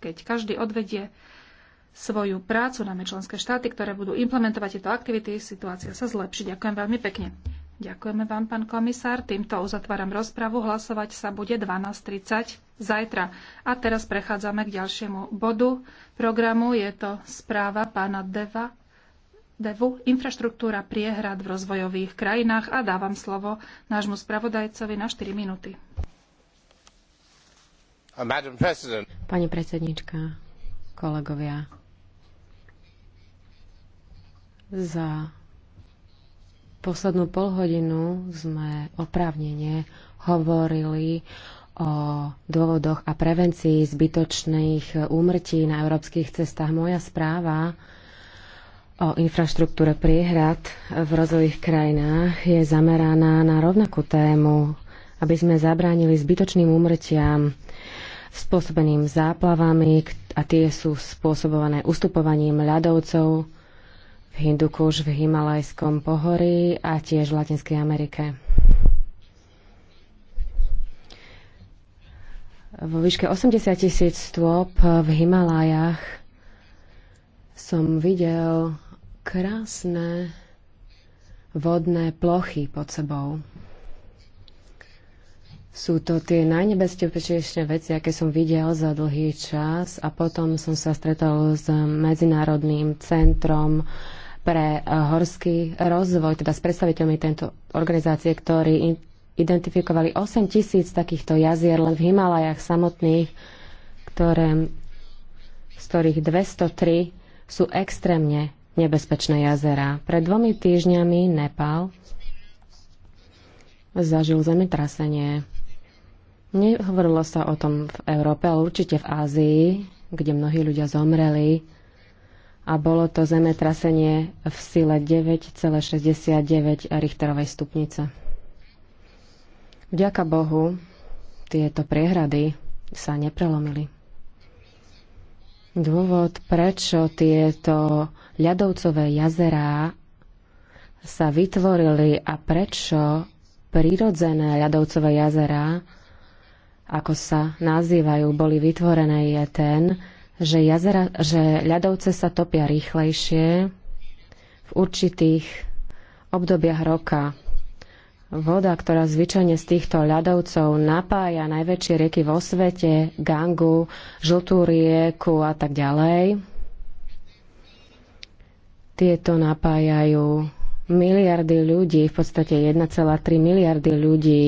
keď každý odvedie svoju prácu, najmä členské štáty, ktoré budú implementovať tieto aktivity, situácia sa zlepší. Ďakujem veľmi pekne. Ďakujeme vám, pán komisár. Týmto uzatváram rozpravu. Hlasovať sa bude 12.30 zajtra. A teraz prechádzame k ďalšiemu bodu programu. Je to správa pána Deva, Devu, infraštruktúra priehrad v rozvojových krajinách a dávam slovo nášmu spravodajcovi na 4 minúty. Uh, Pani predsednička, kolegovia, za poslednú polhodinu sme oprávnene hovorili o dôvodoch a prevencii zbytočných úmrtí na európskych cestách. Moja správa o infraštruktúre priehrad v rozvojových krajinách je zameraná na rovnakú tému, aby sme zabránili zbytočným úmrtiam spôsobeným záplavami a tie sú spôsobované ustupovaním ľadovcov v Hindukuš, v Himalajskom pohorí a tiež v Latinskej Amerike. Vo výške 80 tisíc stôp v Himalajách som videl krásne vodné plochy pod sebou. Sú to tie najnebezpečnejšie veci, aké som videl za dlhý čas a potom som sa stretol s Medzinárodným centrom pre eh, horský rozvoj, teda s predstaviteľmi tejto organizácie, ktorí identifikovali 8 tisíc takýchto jazier len v Himalajách samotných, ktoré, z ktorých 203 sú extrémne nebezpečné jazera. Pred dvomi týždňami Nepal zažil zemetrasenie Nehovorilo sa o tom v Európe, ale určite v Ázii, kde mnohí ľudia zomreli a bolo to zemetrasenie v sile 9,69 Richterovej stupnice. Vďaka Bohu tieto priehrady sa neprelomili. Dôvod, prečo tieto ľadovcové jazerá sa vytvorili a prečo prírodzené ľadovcové jazerá ako sa nazývajú, boli vytvorené, je ten, že, jazera, že ľadovce sa topia rýchlejšie v určitých obdobiach roka. Voda, ktorá zvyčajne z týchto ľadovcov napája najväčšie rieky vo svete, Gangu, Žltú rieku a tak ďalej, tieto napájajú miliardy ľudí, v podstate 1,3 miliardy ľudí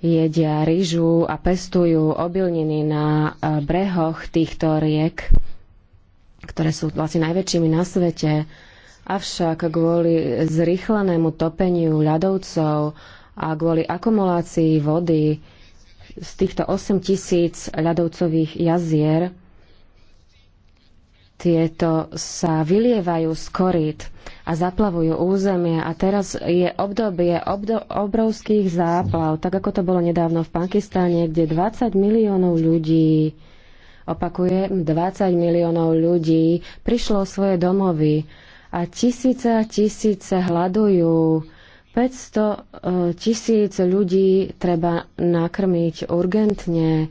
jedia ryžu a pestujú obilniny na e, brehoch týchto riek, ktoré sú vlastne najväčšími na svete. Avšak kvôli zrýchlenému topeniu ľadovcov a kvôli akumulácii vody z týchto 8 tisíc ľadovcových jazier tieto sa vylievajú z korít a zaplavujú územia A teraz je obdobie obdo- obrovských záplav, tak ako to bolo nedávno v Pakistáne, kde 20 miliónov ľudí opakujem, 20 miliónov ľudí prišlo o svoje domovy a tisíce a tisíce hľadujú. 500 e, tisíc ľudí treba nakrmiť urgentne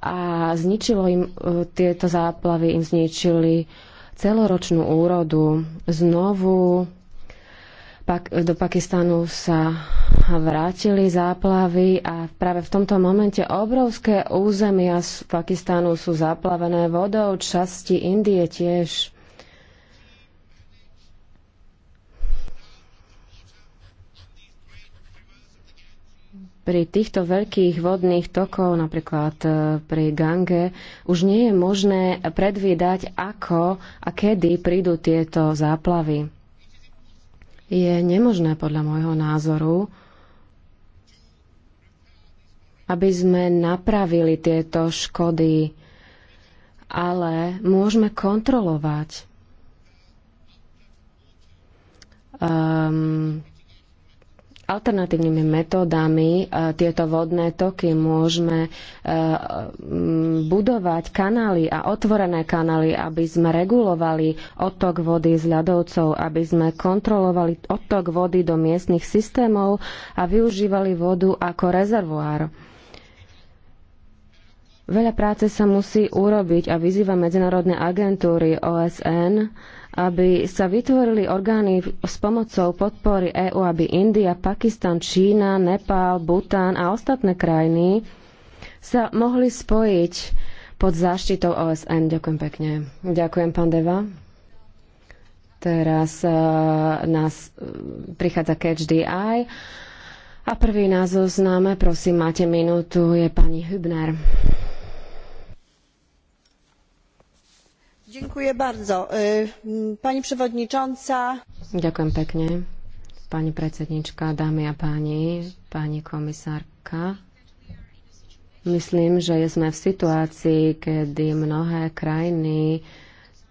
a zničilo im e, tieto záplavy, im zničili celoročnú úrodu. Znovu do Pakistanu sa vrátili záplavy a práve v tomto momente obrovské územia z Pakistanu sú zaplavené vodou, časti Indie tiež. pri týchto veľkých vodných tokov, napríklad e, pri Gange, už nie je možné predvídať, ako a kedy prídu tieto záplavy. Je nemožné podľa môjho názoru, aby sme napravili tieto škody, ale môžeme kontrolovať um, alternatívnymi metódami e, tieto vodné toky môžeme e, budovať kanály a otvorené kanály, aby sme regulovali odtok vody z ľadovcov, aby sme kontrolovali odtok vody do miestnych systémov a využívali vodu ako rezervoár. Veľa práce sa musí urobiť a vyzýva medzinárodné agentúry OSN, aby sa vytvorili orgány s pomocou podpory EÚ, aby India, Pakistan, Čína, Nepál, Bután a ostatné krajiny sa mohli spojiť pod záštitou OSN. Ďakujem pekne. Ďakujem, pán Deva. Teraz uh, nás uh, prichádza Catch the Eye. A prvý nás zoznáme, prosím, máte minútu, je pani Hübner. Ďakujem pekne. Pani predsednička, dámy a páni, pani komisárka. Myslím, že sme v situácii, kedy mnohé krajiny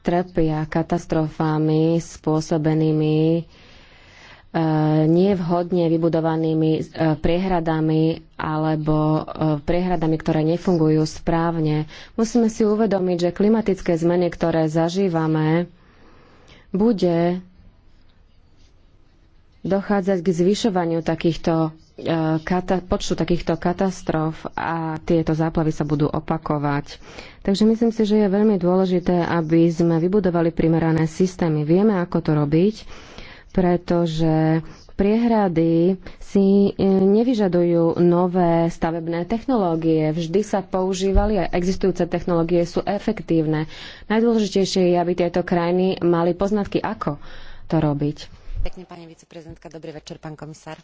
trpia katastrofami spôsobenými nevhodne vybudovanými e, priehradami alebo e, priehradami, ktoré nefungujú správne. Musíme si uvedomiť, že klimatické zmeny, ktoré zažívame, bude dochádzať k zvyšovaniu takýchto e, kata, počtu takýchto katastrof a tieto záplavy sa budú opakovať. Takže myslím si, že je veľmi dôležité, aby sme vybudovali primerané systémy. Vieme, ako to robiť pretože priehrady si e, nevyžadujú nové stavebné technológie. Vždy sa používali a existujúce technológie sú efektívne. Najdôležitejšie je, aby tieto krajiny mali poznatky, ako to robiť. Pekne, pani viceprezidentka, dobrý večer, pán komisár. Uh,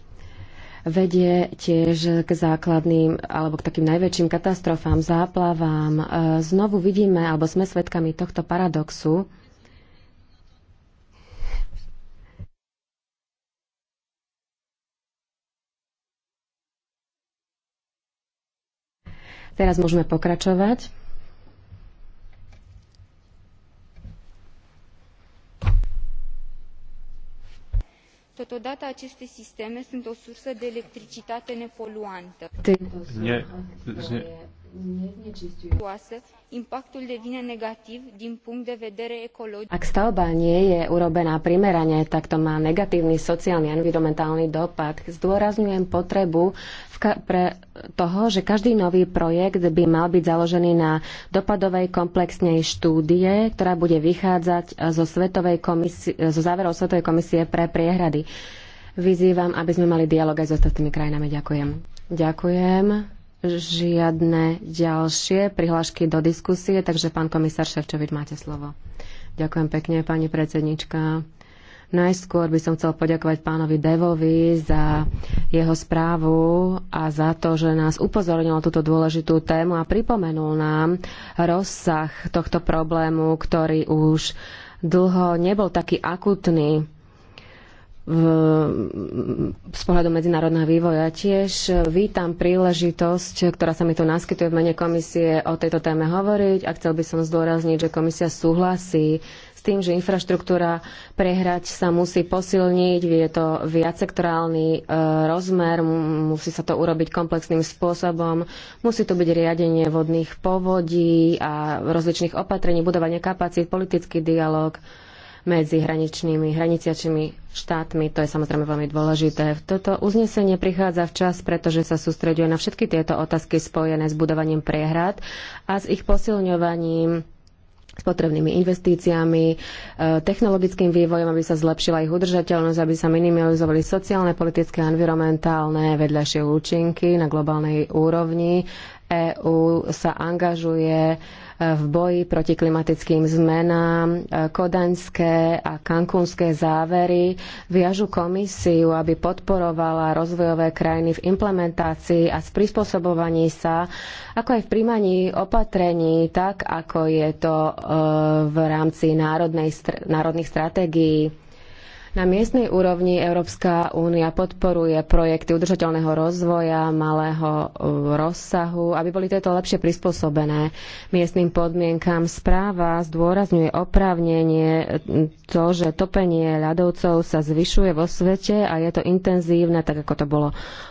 vedie tiež k základným alebo k takým najväčším katastrofám, záplavám. E, znovu vidíme, alebo sme svedkami tohto paradoxu, Teraz môžeme pokračovať. totodată aceste sisteme sunt o sursă de electricitate nepoluantă. Ak stavba nie je urobená primerane, tak to má negatívny sociálny a environmentálny dopad. Zdôrazňujem potrebu pre toho, že každý nový projekt by mal byť založený na dopadovej komplexnej štúdie, ktorá bude vychádzať zo, Svetovej komisie, zo záverov Svetovej komisie pre priehrady. Vyzývam, aby sme mali dialog aj s ostatnými krajinami. Ďakujem. Ďakujem žiadne ďalšie prihlášky do diskusie, takže pán komisár Ševčovič, máte slovo. Ďakujem pekne, pani predsednička. Najskôr by som chcel poďakovať pánovi Devovi za jeho správu a za to, že nás upozornil túto dôležitú tému a pripomenul nám rozsah tohto problému, ktorý už dlho nebol taký akutný v, z pohľadu medzinárodného vývoja. Tiež vítam príležitosť, ktorá sa mi tu naskytuje v mene komisie o tejto téme hovoriť a chcel by som zdôrazniť, že komisia súhlasí s tým, že infraštruktúra prehrať sa musí posilniť, je to viacsektorálny e, rozmer, musí sa to urobiť komplexným spôsobom, musí to byť riadenie vodných povodí a rozličných opatrení, budovanie kapacít, politický dialog, medzi hraničnými, hraniciačnými štátmi. To je samozrejme veľmi dôležité. Toto uznesenie prichádza včas, pretože sa sústreďuje na všetky tieto otázky spojené s budovaním priehrad a s ich posilňovaním s potrebnými investíciami, e, technologickým vývojom, aby sa zlepšila ich udržateľnosť, aby sa minimalizovali sociálne, politické a environmentálne vedľajšie účinky na globálnej úrovni. EÚ sa angažuje v boji proti klimatickým zmenám. Kodaňské a kankúnske závery viažu komisiu, aby podporovala rozvojové krajiny v implementácii a sprispôsobovaní sa, ako aj v príjmaní opatrení, tak ako je to eh, v rámci národnej, národných stratégií na miestnej úrovni Európska únia podporuje projekty udržateľného rozvoja, malého uh, rozsahu, aby boli tieto lepšie prispôsobené miestnym podmienkam. Správa zdôrazňuje oprávnenie to, že topenie ľadovcov sa zvyšuje vo svete a je to intenzívne, tak ako to bolo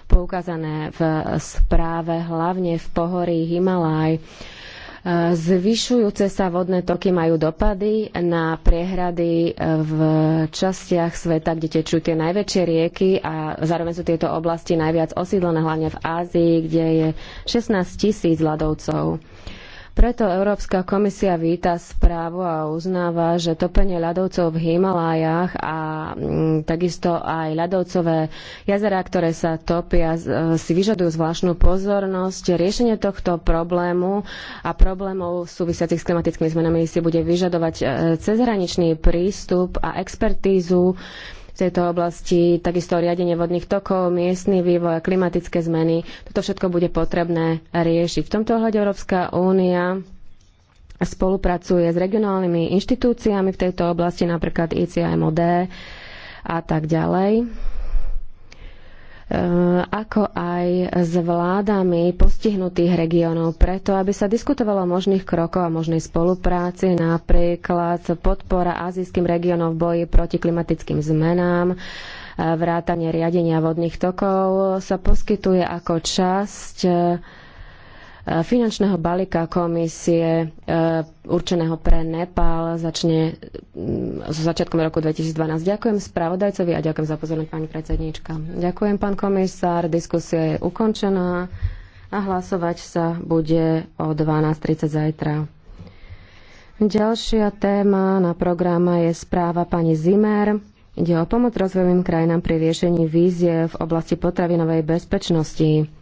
poukázané v správe, hlavne v pohorí Himalaj Zvyšujúce sa vodné toky majú dopady na priehrady e, v častiach sveta, kde tečú tie najväčšie rieky a zároveň sú tieto oblasti najviac osídlené, hlavne v Ázii, kde je 16 tisíc ľadovcov. Preto Európska komisia víta správu a uznáva, že topenie ľadovcov v Himalájach a mm, takisto aj ľadovcové jazera, ktoré sa topia, e, si vyžadujú zvláštnu pozornosť. Riešenie tohto problému a problémov súvisiacich s klimatickými zmenami si bude vyžadovať e, cezhraničný prístup a expertízu v tejto oblasti, takisto riadenie vodných tokov, miestny vývoj a klimatické zmeny. Toto všetko bude potrebné riešiť. V tomto ohľade Európska únia spolupracuje s regionálnymi inštitúciami v tejto oblasti, napríklad ICIMOD a tak ďalej ehm, ako aj s vládami postihnutých regiónov preto, aby sa diskutovalo o možných krokoch a možnej spolupráci, napríklad podpora azijským regiónom v boji proti klimatickým zmenám, vrátanie riadenia vodných tokov sa poskytuje ako časť E, finančného balíka komisie e, určeného pre Nepál začne mm, so začiatkom roku 2012. Ďakujem spravodajcovi a ďakujem za pozornosť pani predsedníčka. Ďakujem pán komisár, diskusia je ukončená a hlasovať sa bude o 12.30 zajtra. Ďalšia téma na programe je správa pani Zimmer, Ide o pomoc rozvojovým krajinám pri riešení vízie v oblasti potravinovej bezpečnosti.